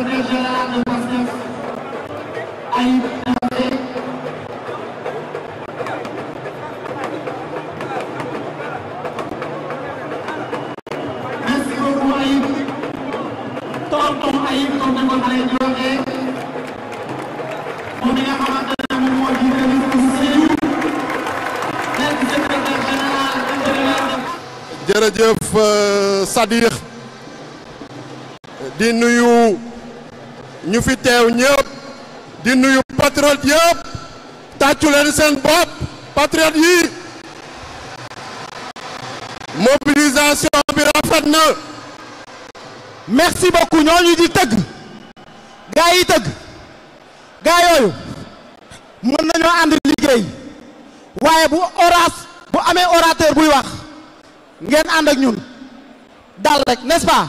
secrétaire général de Pastef Ayib Daffé merci beaucoup Ayib tonton Ayib comme ni ko xale yi di waxee moom mi nga xamante ne moom moo jiite liste Sédhiou nekk secrétaire général jërëjëf euh, Sadikh di nuyu ñu fi teew ñëpp di nuyu patriote yëpp tàccu leen seen bopp patriote yi mobilisation bi rafet na merci beaucoup ñu di tëgg gaa yi tëgg gaa yooyu mën nañoo ànd liggéey waaye bu oras bu amee orateur buy wax ngeen ànd ak ñun dal rek nest pas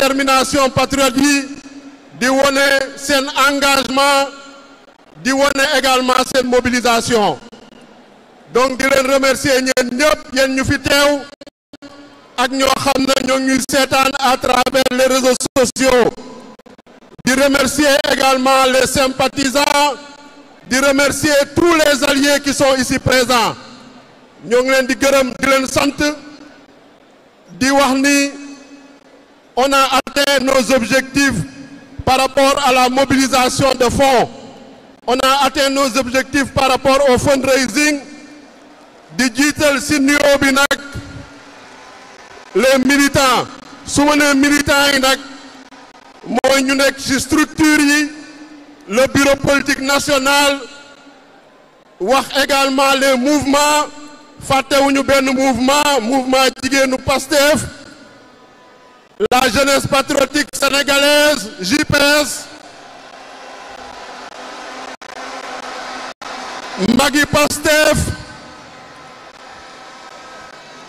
détermination patriote yi di wone seen engagement di wone également seen mobilisation donc di leen remercier ñeen ñëpp yéen ñu fi teew ak ñoo xam ne ñoo ngi seetaan à travers les réseaux sociaux di remercier également les sympathisants di remercier tous les alliés qui sont ici présents ñoo ngi leen di gërëm di leen sant di wax ni on a atteint nos objectifs par rapport à la mobilisation de fonds. On a atteint nos objectifs par rapport au fundraising digital si nuyoo bi nag les militants su ma nee yi nag mooy ñu nekk ci structure yi le bureau politique national wax également les mouvements fàttewuñu benn mouvement mouvement jigéenu Pastef la jeunesse patriotique sénégalaise, JPS, Magui Pastef,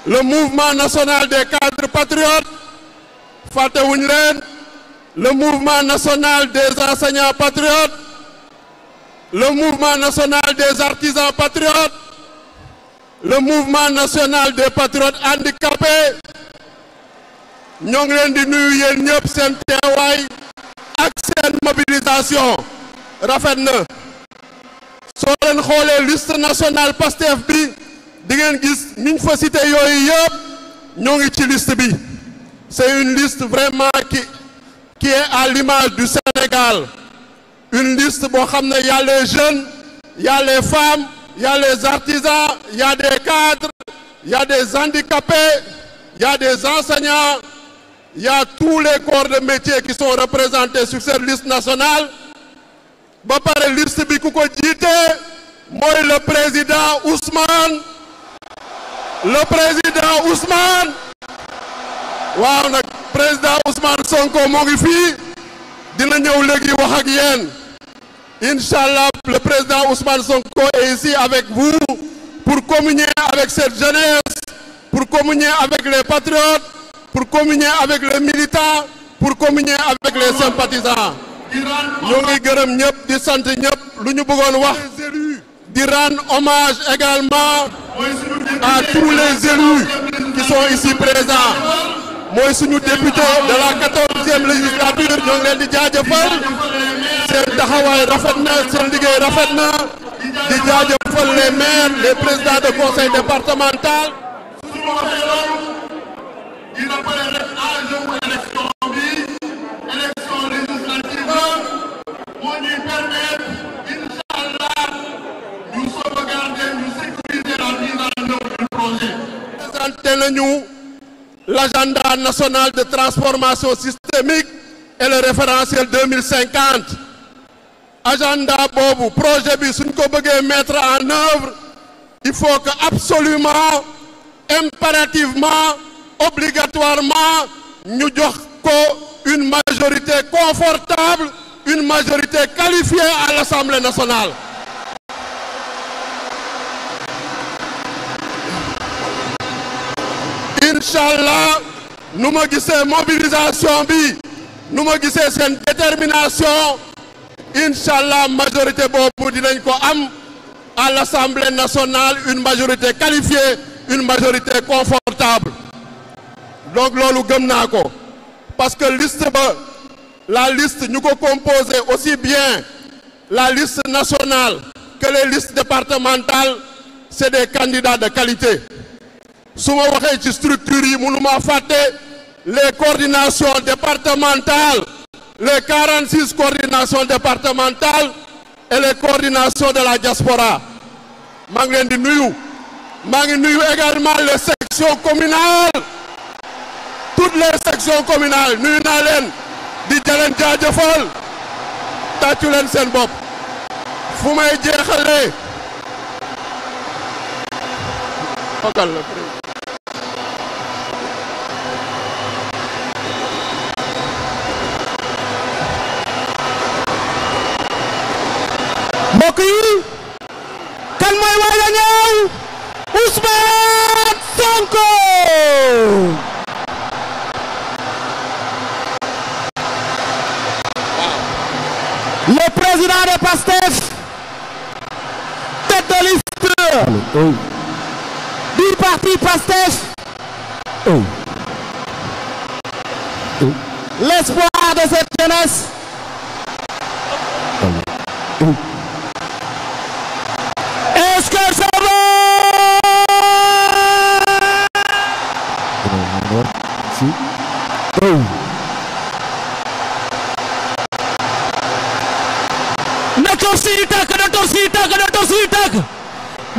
le mouvement national des cadres patriotes, fàttewuñu leen, le mouvement national des enseignants patriotes, le mouvement national des artisans patriotes, le mouvement national des patriotes handicapés ñoo ngi leen di nuyu yéen ñëpp seen teewaay ak seen mobilisation rafet na soo leen xoolee liste nationale Pastef bi di ngeen gis ñuñ fa cité yooyu yëpp ñoo ngi ci liste bi c'est une liste vraiment qui qui est à l'image du Sénégal une liste boo xam ne y a jeunes y a les femmes y a les artisans y a des cadres y a des handicapés y a des enseignants Il a tous les corps de métier qui sont représentés sur cette liste nationale ba pare liste bi ku ko jiite le président Ousmane le président Ousmane waaw nag président Ousmane Sonko moo ngi fii dina ñëw léegi wax ak le président Ousmane Sonko est ici avec vous pour communier avec cette jeunesse pour communier avec les patriotes pour communier avec les militants pour communier avec les sympathisants ñoo ngi gërëm ñëpp di sant ñëpp lu ñu bëggoon wax di rendre hommage également à tous les élus qui sont ici présents mooy suñu député de la quatorzième législature ñoo ngi di jaajëfal seen taxawaay rafet na seen liggéey rafet na di jaajëfal les maires les présidents de conseil départemental dina pare rek enjeu bu élection bi élection législative moo ñuy permettre incha allah ñu la mise en œuvre du projet. présenté national de transformation systémique et le référentiel agenda boobu projet bi suñ ko bëggee mettre en œuvre il faut que absolument impérativement. obligatoirement ñu jox ko une majorité confortable une majorité qualifiée à l'Assemblée nationale inchallah nu ma gisee mobilisation bi nu ma gisee seen détermination inchallah majorité boobu dinañ ko am à l'Assemblée nationale une majorité qualifiée une majorité confortable donc loolu gëm naa ko parce que liste ba la liste ñu ko composé aussi bien la liste nationale que les listes départementales c'est des candidats de qualité su ma waxee ci structures yi mënu ma fàtte les coordinations départementales les 46 coordinations départementales et les coordinations de la diaspora maa ngi leen di nuyu maa ngi nuyu toutes les sections communales nuyu di jaleen jaajëfal tàccu leen seen bopp fu may jeexalee focal la mooy waay la ñëw Ousmane Sonko oh. du parti Pastef. oh. oh. l'espoir de cette jeunesse. oh. oh. est-ce que ça va. oh. na torsi tàkk na torsi tàkk na torsi tàkk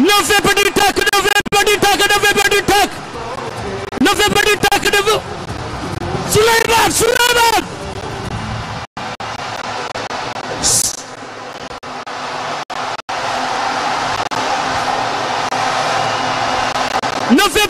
Ne fais pas du tac, ne fais pas du tac, ne fais pas du tac. Ne fais pas du tac, ne fais... Souleymane, Souleymane. Ne fais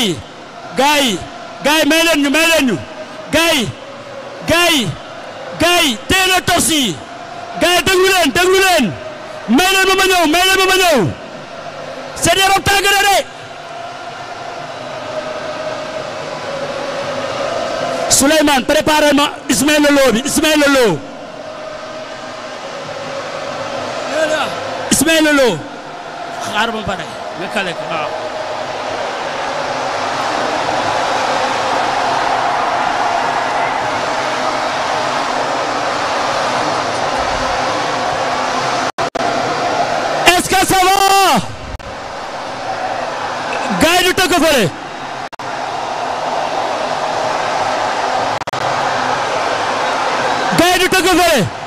gaay yi gaay yi yi may leen ñu may leen ñu gaay gaay yi na torsi yi gaay yi déglu leen déglu leen may leen ba ma ñëw may leen ba ma ma Ismaïla Lo bi Ismaïla du tëgg fële